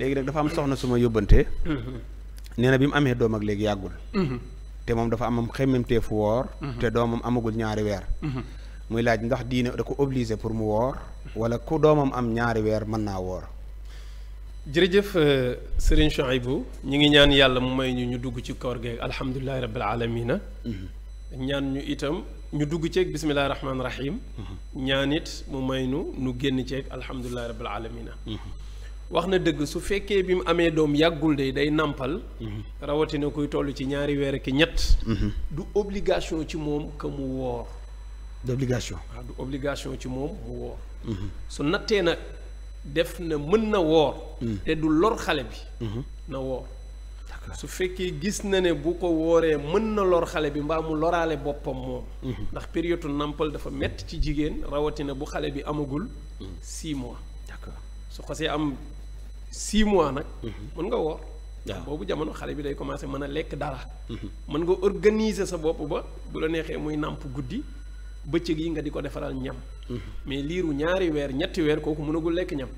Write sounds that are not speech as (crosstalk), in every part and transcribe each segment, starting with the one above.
léegi nag dafa am soxna suma yóbbante mm-hmm. nee bi mu amee doom ak léegi yàggul mm-hmm. te moom dafa amam xemmemteefu woor mm-hmm. te doomam amagul ñaari weer muy laaj ndax diine da ko obligé pour mu woor wala ku doomam am ñaari weer mën naa woor jërëjëf euh, Serigne Chouaibou ñu ngi ñaan yàlla mu may ñu ñu dugg ci koor geeg alhamdulilahi rabbil alamina ñaan ñu itam ñu dugg ceeg bisimilahi rahmaani rahim ñaan it mu may nu nu génn ceeg alhamdulilahi rabbil alamina wax na dëgg su fekkee bi mu amee doom yàggul de day nàmpal mhm. rawatina kuy toll ci ñaari weer ak ñett mhm. du obligation ci moom que mu woor du obligation waaw du obligation ci moom mu woor mhm. su nattee nag def na mën na woor te du lor xale bi na woor su fekkee gis na ne bu ko wooree mën na lor xale bi mbaa mu loraale boppam moom ndax période nàmpal dafa metti ci jigéen rawatina bu xale bi amagul six mois d'accord su am six mois nag. Mhm. mën nga woor. boobu jamono xale bi day commencé mën a lekk dara. Mhm. mën nga organiser sa bopp ba bu la neexee muy nàmp guddi bëccëg yi nga di ko defaral ñam. Mhm. mais liiru ñaari weer ñetti weer kooku mënagul lekk ñam.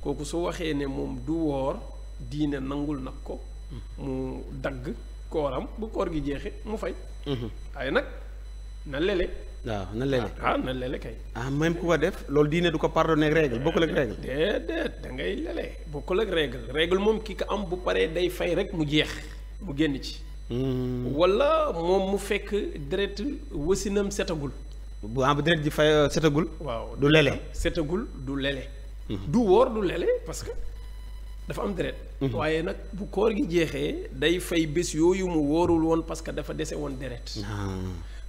kooku su waxee ne moom du woor diine nangul nag ko. mu dagg kooram bu koor gi jeexee mu fay. waaye nag. na lele. waaw na lele ah, ah na lele kay. ah même ku ko def loolu diine du ko pardonné ak règle bokkul ak règle. déedéet da ngay lele bokkul ak règle règle moom ki ko am bu paree day fay rek mu jeex mu génn ci. Hmm. walla moom mu fekk deret wasinam setagul. bu am ah, deret ji euh, setagul. waaw du lele setagul du lele. Hmm. du woor du lele parce que dafa am deret. Hmm. waaye nag bu koor gi jeexee day fay bés yooyu mu woorul woon parce que dafa dese woon deret. Ah.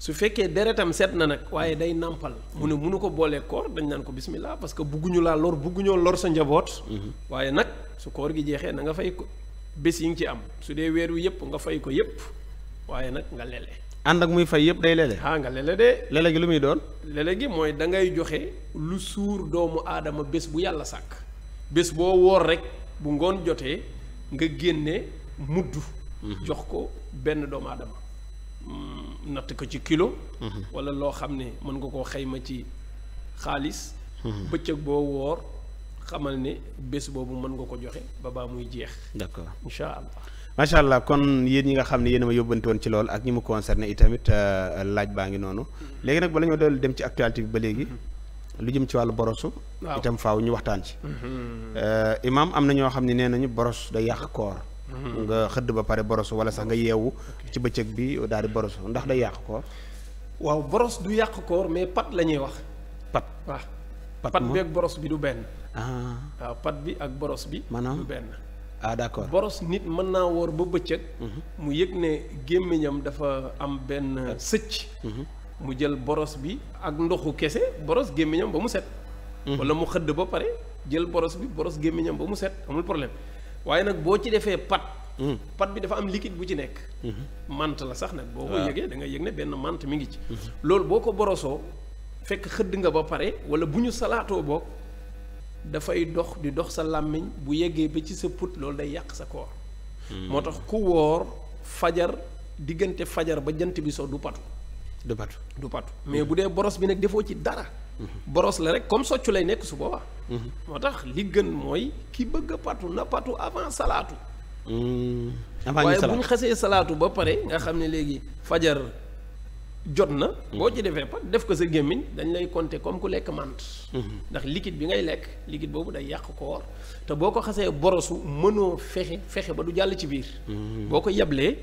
su fekkee deretam set na nag waaye day nàmpal mu ne munu ko boolee koor dañ naan ko bismillah parce que bugguñu laa lor bugguñoo lor sa njaboot mm-hmm. waaye nag su koor gi jeexee na nga fay ko bés yi nga ci am su dee weer wi yëpp nga fay ko yëpp waaye nag nga lele ànd ak muy fay yëpp day lele ah nga lele de lele gi lu muy doon lele gi mooy da ngay joxe lu suur doomu aadama bés bu yàlla sàkk bés boo woor rek bu ngoon jotee nga génne mudd mm-hmm. jox ko benn doomu aadama natt ko ci kilo. Mhm. wala loo xam ne mën nga koo xayma ci xaalis. Mhm. bëccëg boo woor xamal ne bés boobu mën nga ko joxe ba baa muy jeex. d'accord incha allah. macha allah kon yéen ñi nga xam ne yéen a ma yóbbante woon ci lool ak ñi mu concerné itamit euh, laaj baa ngi noonu. Mhm. léegi nag ba lañoo doon dem ci actualité bi ba léegi. lu jëm ci wàllu borosu. itam faw ñu waxtaan ci. Euh, imaam am na ñoo xam ne nee nañu boros day yàq koor. Mhm. nga xëdd ba pare borosu wala sax nga yeewu ci bëccëg bi daal di borosu ndax day yàq koor waaw boros du yàq koor mais pat la ñuy wax pat waaw pat bi ak boros bi du benn ah. waaw pat bi ak boros bi maanaam du benn ah boros nit mën naa woor ba bëccëg mhm. mu yëg ne gémmiñam dafa am benn sëcc mhm. mu jël boros bi ak ndoxu kese boros gémmiñam ba mu set wala mu xëdd ba pare jël boros bi boros gémmiñam ba mu set amul problème waaye nag boo ci defee pat hmm. pat bi dafa am liquide bu ci nekk hmm. mant la sax nag boo ko yëgee da nga yëg ne benn mant mu ngi ci hmm. loolu boo ko borosoo fekk xëdd nga ba pare wala bu ñu salaatoo boog dafay dox di dox sa làmmiñ bu yeggee ba ci sa put loolu day yàq sa koor moo tax ku woor fajar diggante fajar ba jant bi so du patu du patu du patu mais bu dee boros bi nag defoo ci dara boros la rek comme soccu lay nekk su boobaa. Mm-hmm. moo tax li gën mooy ki bëgg a patu na patu avant salaatu. Mm-hmm. avant waaye bu ñu xasee salaatu ba pare nga xam ne léegi fajar jot na. Mm-hmm. boo ci defee pat def ko sa gémmiñ dañ lay compter comme ku lekk mànt. ndax liquide bi ngay lekk liquide boobu day yàq koor te boo ko xasee borosu mënoo fexe fexe ba du jàll ci biir. boo ko yeblee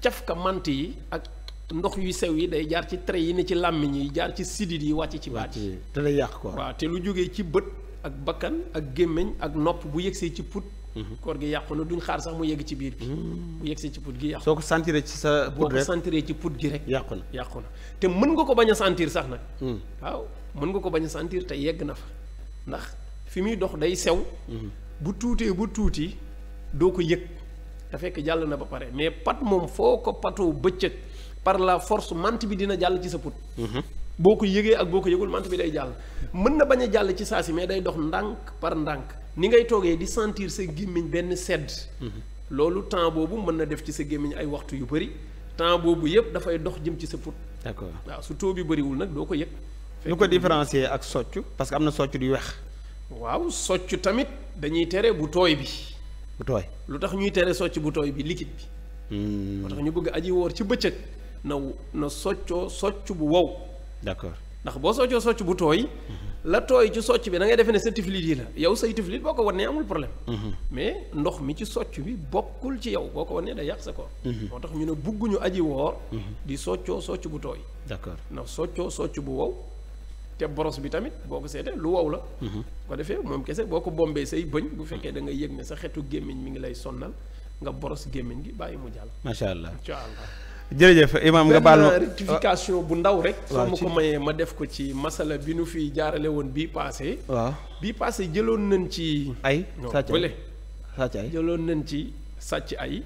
caf ka mànt yi ak. ndox yu sew yi day jaar ci traits yi ni ci làmmiñ yi jaar ci sidit yi wàcc ci baat yi te day yàq ko waaw te lu jógee ci bët ak bakkan ak gémmiñ ak nopp bu yegsee ci put mhm. koor gi yàqu na duñ xaar sax mu yegg ci biir bi mhm. bu yegg see ci put gi yàqu ko sentiré ci sa put ci put gi rek yàqu na yàqu na te mën nga ko bañ a sentir sax nag hmm. waaw mën nga ko bañ a sentir te yegg na fa ndax fi muy dox day sew hmm. bu tuutee bu tuuti doo ko yëg da fekk jàll na ba pare mais pat moom foo ko patoo bëccëg par la force mant bi dina jàll ci sa put mhm. boo ko yëgee ak boo ko yëgul mant bi day jàll mën na bañ a jàll ci saa si mais day dox ndànk par ndànk ni ngay toogee di sentir sa gémmiñ benn sedd mhm. loolu temps boobu mën na def ci sa gémmiñ ay waxtu yu bëri temps boobu yëpp dafay dox jëm ci sa put d'accord waaw su taux bi bëriwul nag doo ko yëg lu ko différencier ak socc parce que am na socc du wex waaw socc tamit dañuy tere bu tooy bi bu tooy lu tax ñuy tere socc bu tooy bi liquide bi hmm. ñu bëgg aji woor ci bëccëg na na soccoo socc bu wow. d'accord ndax boo soccoo socc bu tooy. la tooy ci socc bi da ngay defee ne sa tiflit yi la yow say tiflit boo ko wanee amul problème. Mhm. mais ndox mi ci socc bi bokkul ci yow boo ko wanee day yàq sa koor. Mhm. moo tax ñu ne bugguñu aji woor. Mhm. di soccoo socc bu tooy. d'accord ndax soccoo socc bu wow. te boros bi tamit boo ko seetee lu wow la. ko defee moom kese boo ko bombee say bëñ bu fekkee da nga yëg ne sa xetu gémmiñ mi ngi lay sonnal nga boros gémmiñ gi bàyyi mu macha allah. jërëjëf imam nga baal ma bu ndaw rek. soo ma ko ma def ko ci masala bi nu fi jaarale woon bii passé waaw bii passé jëloon nañ ci. ay sàcc ay jëloon nañ ci sàcc ay.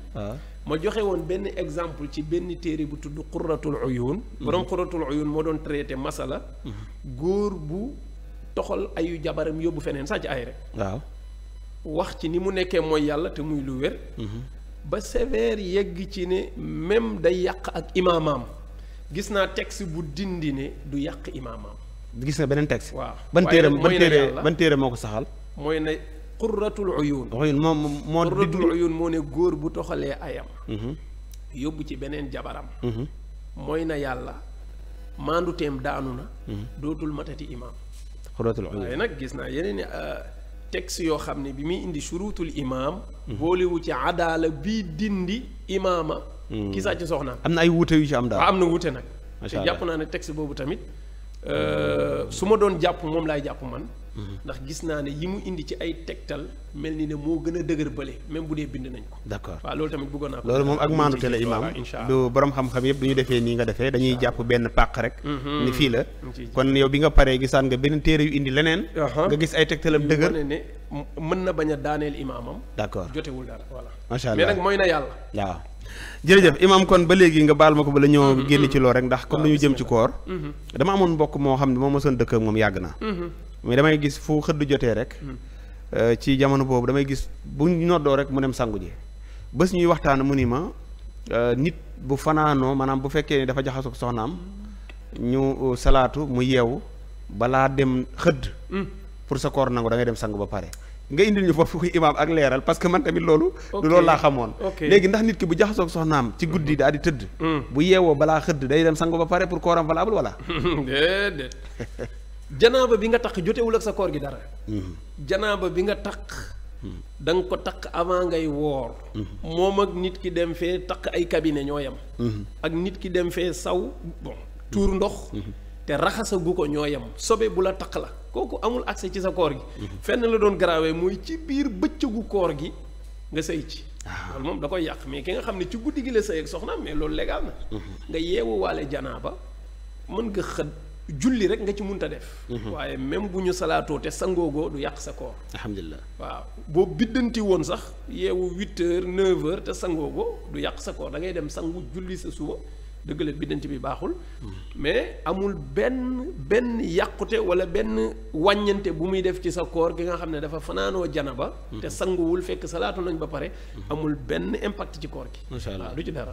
ma joxe woon benn exemple ci benn téere bu tudd Qurratul Uyun. borom mhm. Qurratul Uyun moo doon traité masala. Mhm. góor bu toxal ayu jabaram yóbbu feneen sàcc ay waaw wax ci ni mu nekkee mooy yàlla te muy lu wér. Mhm. ba sévère yegg ci ne même day yàq ak imaamam gis naa texte bu dindi ne du yàq imaamam. gis nga beneen texte. waaw ban téere ban téere ban téere moo ko saxal. mooy ne qurratul uyun. uyun moo moo qurratul uyun moo ne góor bu toxalee ayam. Mm-hmm. yóbbu ci beneen jabaram. Mm-hmm. mooy na yàlla maandu teem daanu na. Mm-hmm. dootul matati imaam. qurratul uyun waaye nag gis naa yeneen i. Euh, texte yoo xam ne bi muy indi churutul imaam. boolewu ci adaala bii dindi imaama. Hmm. ki sàcc soxnaam. am na ay wute yu ci am daal ah, am na wute nag. te jàpp naa ne texte boobu tamit euh, su ma doon jàpp moom laay jàpp man. Mhm. ndax gis naa ne yi mu indi ci ay tegtal mel ni ne moo gën a dëgër bële même bu dee bind nañ ko. d' accord waaw loolu tamit bëggoon naa ko. loolu moom ak maandute la imaam du borom xam-xam yëpp du ñu defee nii nga defee dañuy jàpp benn pàq rek. Mhm. ni fii la. kon yow bi nga paree gisaan nga benn téere yu indi leneen. nga gis ay tegtalam dëgër ne mën na bañ a daaneel imaamam. d' accord jotewul dara voilà. macha allah mais nag mooy na yàlla waaw. jërëjëf imaam kon ba léegi nga baal ma ko ba la ñoo mhm. génn ci lool rek ndax comme dañu jëm ci koor dama amoon mbokk moo xam ne moom ma soon dëkk moom yàgg na mais damay gis fu xëdd jotee rek. Hmm. Euh, ci jamono boobu damay gis bu noddoo rek mu dem sangu ji bés ñuy waxtaan mu ni ma euh, nit bu fanaanoo maanaam bu fekkee ne dafa jaxasoo soxnaam ñu euh, salaatu mu yeewu balaa dem xëdd. Hmm. pour sa koor nangu da ngay dem sangu ba pare. nga indil ñu foofu ko (laughs) imaam ak leeral parce que man tamit loolu. du loolu laa xamoon. léegi ndax nit ki bu jaxasoog soxnaam ci guddi hmm. daal di tëdd. bu yeewoo balaa xëdd day dem sangu ba pare pour kooram valable wala. (laughs) déedéet. (laughs) janaaba bi nga takk jotewul ak sa koor gi dara. Mhm. janaaba bi nga takk. Mhm. da nga ko takk avant ngay woor. Mhm. moom ak nit ki dem fee takk ay cabinet ñoo yem. ak nit ki dem fee saw bon tuur ndox. te raxasagu ko ñoo yem sobe bu la takk la kooku amul accès ci sa koor gi. fenn la doon garaawee mooy ci biir bëccëgu koor gi nga sëy ci. Ah. loolu moom da koy yàq mais ki nga xam ne ci guddi gi la sëy ak soxna mais loolu légal na. nga yeewu waale janaaba mën nga xëdd. julli rek nga ci munta def mhm. waaye même bu ñu salaatoo te sangoogoo du yàq sa koor alhamdulilah waaw boo biddanti woon sax yeewu huit heures neuf te sangoogoo du yàq sa koor da ngay dem sangu julli sa suba dëgg la biddanti bi baaxul mhm. mais amul benn benn yàqute wala benn wàññante bu muy def ci sa koor gi nga xam ne dafa fanaanoo jana ba mhm. te sanguwul fekk salaatu nañ ba pare amul benn impact ci koor gi macha allah du ci dara